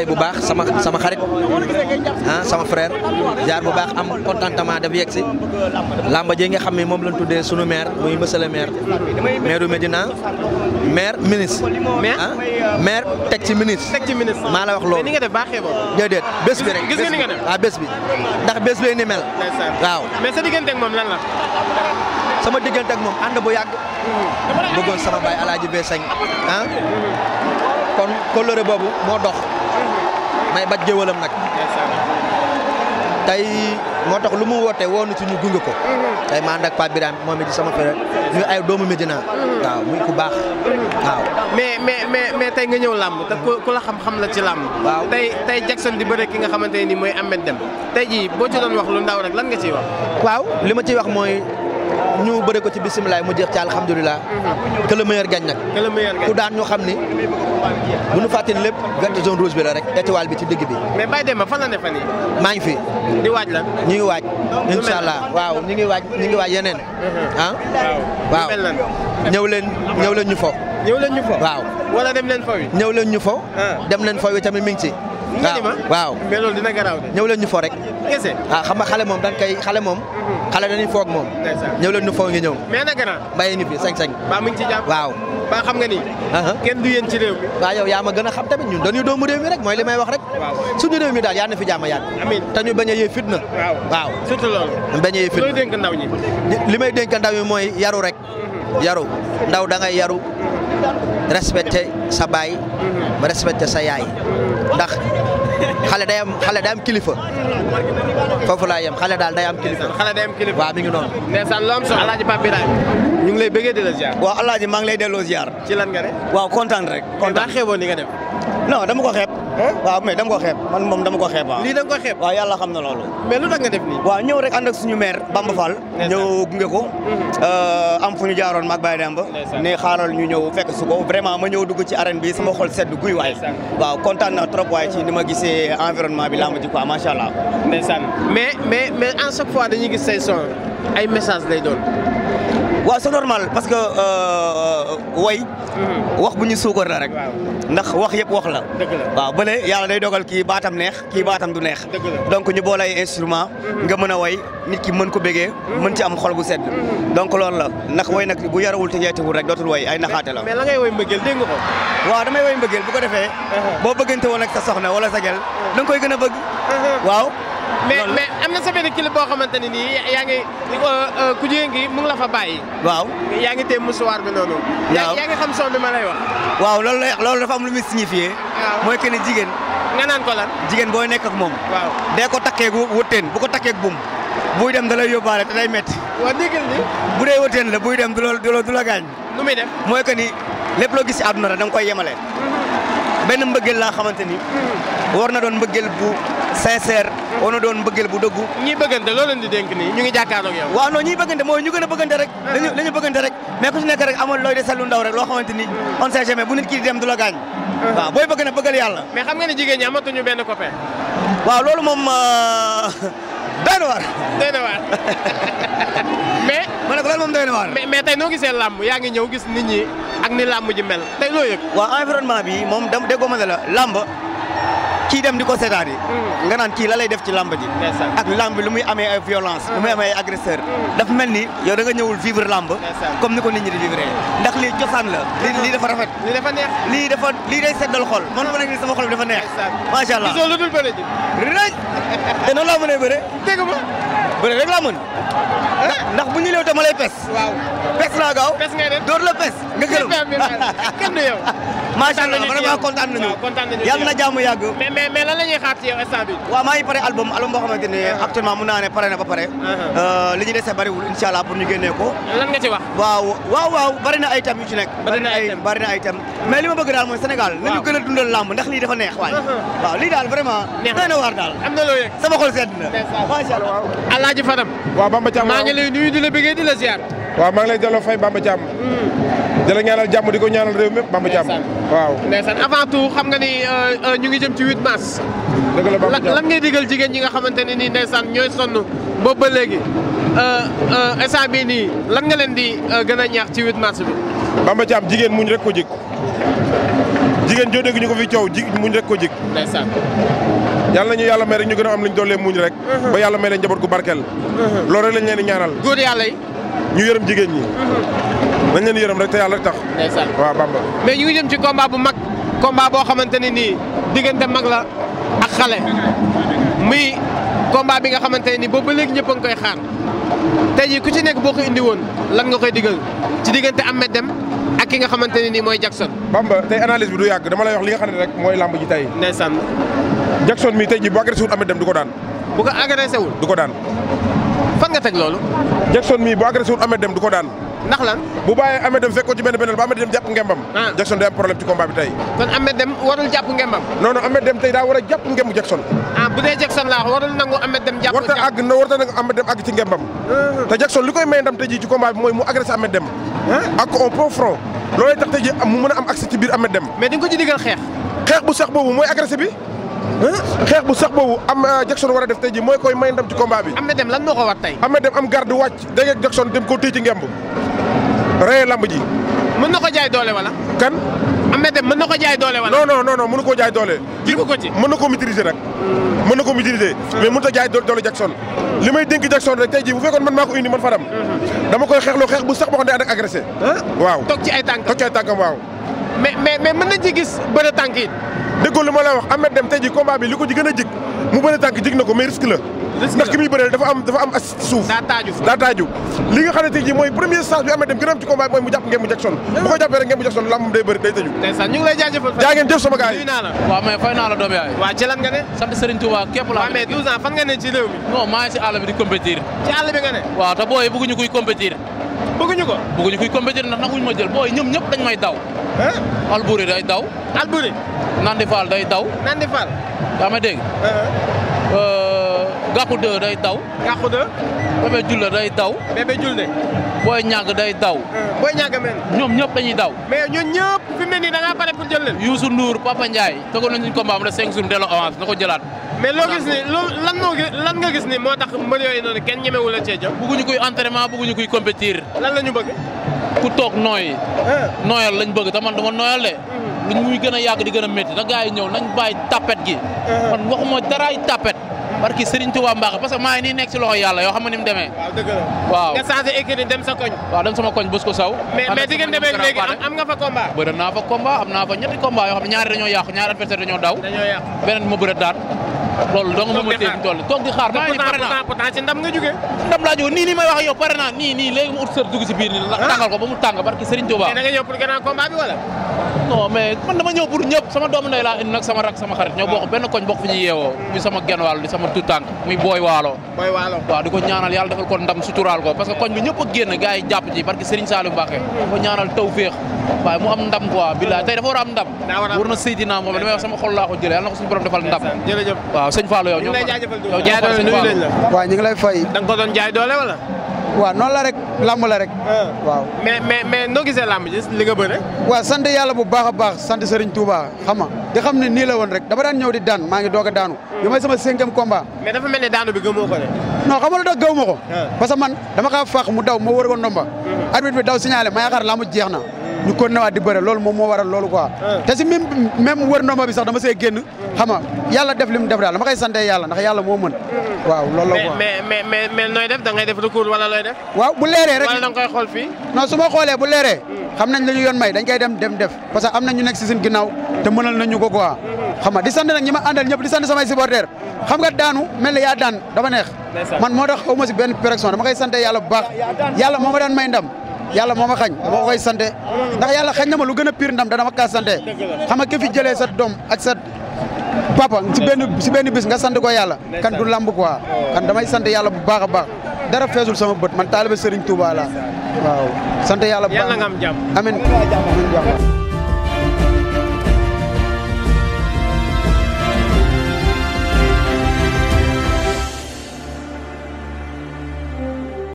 fay bu baax sama sama xarit ah sama frère jaar bu baax am contentement daf yegg si làmba ji nga xam ne moom lañ tuddee sunu maire muy monsieur le maire maire Medina maire ministre. ah maire teg ci ministre. maa la wax loolu. ni nga def baaxee ba. déedéet bés bi rek. gis nga ni nga def waaw bés bi ndax bés bi ni mel. waaw mais sa diggante ak moom lan sama diggante moom ànd bu yàgg. Mm-hmm. bëggoon sama baay alaaji bee sañ ah. kon kóllëre boobu moo dox. may bat géwalam nag tey moo tax lu mu woote woo na ci ñu gunge ko tey ma ànd ak Pape Birame moom it di sama frère ñu ay doomu Médina waaw muy ku baax waaw mais mais mais mais tey nga ñëw làmb te ku la la ci làmb waaw tey tey Jackson di bëre ki nga xamante ne nii mooy Ahmed Deme tey jii boo ci doon wax lu ndaw rek lan nga ciy wax waaw li ma ciy wax mooy ñu bëre ko ci mu jeex ci alhamdulilah. Mhm. que le meilleur gagne nag. que le meilleur gagne ku daan ñu xam ni. bu ñu fàttali lépp verte zone rouge bi la rek étoile bi ci digg bi. mais Baye Demba fan la ne maa ngi fi. di la ñu ngi waaj. incha allah waaw ñu ngi waaj ñu ngi waaj yeneen. Mhm. ah waaw ñëw leen ñëw leen ñu fo. ñëw leen ñu fo waaw. wala dem leen fo wi. ñëw leen ñu fo. Ah. dem leen fo wi tamit mi ngi waaw mais loolu dina garaaw ñëw leen ñu fo rek ah xam nga xale moom dañ koy xale moom mhm. xale dañuy foog moom ñëw leen ñu fo ngi ñëw mais na grand mbay fi sañ sañ ba mu ngi ci jàpp waaw ba xam nga ni uh-huh. kenn du yéen ci réew mi waaw yow yaa ma gën xam tamit ñun dañuy doomu réew mi rek mooy li may wax rek suñu réew mi daal yaa na fi jàmm yàgg amiin te ñu bañ a yee fitna waaw surtout loolu bañ a yee li may dénk ndaw ñi mooy yaru rek mhm. yaru ndaw da ngay yaru respecte sa baay respecté sa yaay ndax xale day am xale day am daal day am kilifa. xale day am kilifa waaw mi ngi noonu. ndeysaan lu am solo Alaaji Pape ñu ngi lay bëggee di la ziar. waaw Alaaji maa ngi lay delloo ziar. ci lan nga ne. waaw kontaan rek. kontaan xeeboon ni non dama ko xeeb. waaw mais dama ko xeeb man moom dama ko xeeb waaw. lii dama yàlla xam na loolu. mais lu tax nga def nii. waaw ñëw rek ànd ak suñu maire Bamba Fall. Mm-hmm. ñëw gunge ko. Mm-hmm. Euh, am fu ñu jaaroon maag Baye Demba. ne xaaral ñu ñëw fekk su ko vraiment ma ñëw dugg ci arène bi sama xol sedd guy waay. waaw kontaan na trop waaye ci ni ma gisee environnement bi laa ma ji quoi macha allah. ndeysaan mais mais mais à chaque fois dañuy gis say son ay message lay doon. waaw soo normal parce que euh, way mhm. wax bu ñu suukar la rek ndax wax yëpp wax la waaw bële yàlla day dogal kii baatam neex kii baatam du neex donc ñu boole ay instrument mhm. nga mën a way nit ki mën ko bégee mhm. mën ci am xol gu sedd donc loolu la ndax way nag bu yarawul te njeetiwul rek dootul way ay naxaate la mais la ngay way mbëggeel dégg nga ko waaw damay way mbëggeel defee uh-huh. boo bëggante woon ak sa soxna wala sa gel uh-huh. da koy gën a bëgg uh-huh. waaw mais mais am na sa benn clip boo xamante ne nii yaa ngi euh, euh, ku mu ngi la fa bàyyi. waaw yaa ngi téye musuwaar bi noonu. waaw yaa ngi xam son bi ma lay waaw loolu lay loolu dafa am lu muy mooy que ni jigéen. nga naan ko lan. jigéen booy nekk ak moom. waaw dee ko takkee wëtteen bu ko takkee bum. buy dem da lay yóbbaale te day métti. waaw déggal ni bu dee wëtteen le buy dem du la du la gaañ. nu muy def mooy que ni lépp loo gis si àdduna rek da nga koy yemale. Mm-hmm. benn mbëggeel laa xamante ni. Mm-hmm. na doon mbëggeel bu sincère woon na doon mbëggeel bu dëggu ñi bëggante loo leen di dénk nii ñu ngi jàkkaarloog yow waaw non ñi bëggante mooy ñu gën a bëggante rek dañu bëggante rek mais ku si nekk rek amul looy desal lu rek loo xamante ni on sait jamais bu nit kii di dem du la gaañ waaw booy bëgg na bëggal yàlla mais xam nga ne jigéen ñi amatuñu benn copain waaw loolu moom euh, doy na waar doy na waar mais ma ne ko loolu moom doy mais tey noo gisee làmb yaa ngi ñëw gis nit ñi ak ni làmb ji mel tey loo yëg waaw environnement bi moom déggoo ma ne la làmb kii dem di ko seetaan mm. nga naan kii la lay def ci lamb ji ak lamb bi lu muy amee ay violence lu muy mm. amee ay agresseur mm. dafa mel ni yow da nga ñëwul vivre lamb comme ni ko nit ñi di vivre ndax lii cosaan la li lii dafa rafet lii dafa neex lii dafa lii day seddal xol man ma nekk ni sama xol bi dafa neex macha allah gisoo lu dul bëre ji rëj te noonu rek laa Eh, ndax bu ñu leew dama lay pes. waaw pes naa gaaw. door la pes. nga gërëm ah, kenn du yow. macha allah nañu yàlla na jàmm yàgg. mais mais mais lan pare album album boo xamante ne uh-huh. actuellement mun naa ne pare na ba pare. Uh-huh. Euh, li ñu dese bariwul incha allah pour ñu génnee ko. waaw waaw waaw bari na ay thèmes yu na ay bari ma bëgg daal mooy Sénégal. nañu gën a dundal làmb ndax lii dafa neex waaye. Uh-huh. lii daal vraiment. neex na waar daal. am xol sedd na. Bamba Thiam maa ngi nuyu di la bëggee di la ziar. waaw maa ngi lay delloo fay Bamba Thiam. Hmm. di la ñaanal jàmm di ko ñaanal réew mépp Bamba Thiam. waaw ndeysaan avant tout xam nga ni euh, euh, ñu ngi jëm ci 8 mars. dëgg la Bamba lan ngay digal jigéen ji nga xamante ne nii ndeysaan ñooy sonn boobu ba léegi euh, instant bii nii lan nga leen di gën a ñaax ci 8 mars bi. Bamba Thiam jigéen muñ rek ko jig jigéen joo dégg ñu ko fi coow ji muñ rek ko jig. ndeysaan yàlla nañu yàlla may rek ñu gën am lu ñu doolee muñ rek uh-huh. ba yàlla may leen njaboot gu barkeel uh-huh. loolu rek lañ leen di ñaanal góor yàlla yi ñu yërëm jigéen ñi uh-huh. nañ leen yërëm rek te yàlla rek tax ndeysaan waaw Bamba mais ñu ngi jëm ci combat bu mag combat boo xamante ni nii diggante mag la ak xale muy combat bi nga xamante ni boobu ba léegi ñëpp ngi koy xaar te ji ku ci nekk boo ko indi woon lan nga koy digal ci diggante Ahmed dem ki nga xamante ne ne rek mooy làmb ji tey. ndeysaan. Jackson mi tey ji bu agressé wul Ameth Deme du ko daan. mi bu agressé wul Ameth Deme du ko daan. ndax lan bu bàyyee Ameth Deme fekk ko ci benn ah. kon Ameth Deme warul jàpp ngembam non non Ameth Deme tey daa war a jàpp ngembu Jackson ah bu dee Jackson laa warul nangu Ameth Deme jàpp warta àgg ci ngembam ah. te Jackson li koy may ndam tey jii ci combat mooy mu agressé Ameth Deme ah. ak un peu front loolay tax tey ji mu mën a am accès ci biir Ahmed Deme. mais di ko ci digal xeex. xeex bu sax boobu mooy agressé bi xeex bu sax boobu am euh, Jackson war a def tey ji mooy koy may ndam ci combat bi. Ahmed Deme lan moo ko war tey. Ahmed Deme am garde wàcc dégg Jackson dem koo téye ci ngemb. reye lamb ji. mën na ko jaay doole wala. kan. Ama dem mën na ko jaay doole wala. non non non non mënu koo jaay doole. jiwu ko ci mën na koo maîtriser rek. mën na ko maîtriser. mais mënut a jaay doole Jackson. li may dénk rek tey jii bu man maa ko man Fadam. Mhm. dama koy xeexloo xeex bu sax boo xam ne day ànd waaw toog ay tànkam waaw. mais mais mën nañ ci gis bëre tànk déggoo lu ma la wax Ahmed Deme tey jii combat li ko ci gën a jig mu bëri tànk jig na ko mais risque la. ndax ki muy bëreel dafa dafa am as suuf. daa taaju daa taaju ji mooy premier stage bi Ahmed Deme gën ci combat mooy mu jàpp ngembu Jackson. bu ko jàppee rek ngembu Jackson làmbam day bëri day tëju. ndeysaan jaa ngeen jëf sama gars yi waaw mais fay naa la doom yaay. waaw ci lan nga ne. sant Serigne Touba képp laa. waaw mais 12 ans fan nga ne ci réew mi. non maa si àll Nandi Fall day daw. Nandi Fall. yaa ma dégg. Uh-huh. Uh, Gàqu 2 day daw. Gàqu 2. Bébé Julle day daw. Bébé Julle. Boy Niang day daw. Uh, Boy Niang men. ñoom ñëpp dañuy daw. mais ñun ñëpp fi mu ni nii da ngaa pare pour jël leen. Youssou Ndour Papa Ndiaye tëggoon nañu combat am na 5 de delloo avance na ko jëlaat. mais loo gis ni lan noo lan nga gis ni moo tax mbër yooyu noonu kenn ñemewu la cee jox. bëgguñu kuy entraînement bëgguñu kuy compétir. lan la ñu bëgg. ku toog nooy. Uh. nooyal lañ bëgg te man dama lu muy gën a yàgg di gën a métti na gars yi ñëw nañ bàyyi tapet gi uh-huh. man waxuma daraay tapet barki Serigne Touba Mbacke parce que maa ngi nii nekk ci loxo yàlla yoo xam nga ni mu demee waaw dëgg la waaw nga changé équipe dem sa koñ waaw koñ bës saw mais diggante beeg léegi am nga ñaari dañoo yàqu daw beneen ma bëri daan loolu dong moom ma téye tool toog di xaar maa ngi pare naa pourtant ci nga jógee nii nii may wax yow pare naa nii nii mu ut sër dugg ci biir nii ah. tàngal ko ba mu tàng non mais man dama ñëw pour ñëpp sama doomu ndey laa indi nag sama rak sama xarit ñoo bokk ah. benn koñ bokk fi ñuy yeewoo muy sama genn waalo di sama tutànk muy booy waalo booy di ko ñaanal yàlla defal ko ndam suturaal ko parce koñ bi ñëpp a génn gars yi jàpp ci parce que Serigne Saliou Mbacké ñaanal taw féex mu am ndam quoi billaay tey dafa war ndam war na Seydina moom li may wax sama xol ko jëlee yàlla na ko suñu borom defal ndam jërëjëf waaw sëñ Fallou yow làmb la rek. Ah. waaw mais mais mais noo gisee làmb ji li nga bëre. wa sant yàlla bu baax a baax sant Serigne Touba xam nga di xam ne nii la woon rek dama daan ñëw di daan maa ngi doog a daanu. bi hmm. may sama cinquième combat. mais dafa mel ne daanu bi gëmoo ko de. non xam nga lu tax gëw ma ko. Ah. parce que man dama kaa fàq mu daw ma wër ko ndomba. Hmm. arbitre bi daw signalé ma yaakaar làmb jeex na. ñu continué waat di bëre loolu moom moo waral loolu quoi. Eh. te si même même wër ndomba bi sax dama see génn. xam nga yàlla def li mu def daal dama koy sante yàlla ndax yàlla moo mën. waaw loolu la quoi mais mais mais mais def da ngay def recours wala looy def. waaw bu leeree rek wala da nga koy ma xoolee bu leeree. xam nañ la ñu yoon may dañ koy dem dem def parce que am na ñu nekk si suñ ginnaaw te mënal nañ ñu ko quoi. xam nga di sant nag ñi ma àndal ñëpp di sant samay supporters xam nga daanu mel ni yaa daan dama neex. man moo tax xaw ma si benn pression bu baax yàlla moo ma daan may ndam yàlla moo ma xañ dama koy sante ndax yàlla xañ na ma lu gën a pire ndam dana ma kaa sante xam nga ki fi jëlee sa doom ak sa papa si benn si benn bis nga sant ko yàlla kan du làmb ko kan damay sant yàlla bu baax a baax dara feesul sama bët man taaliba Serigne Touba la waaw sant yàlla bu baax yàlla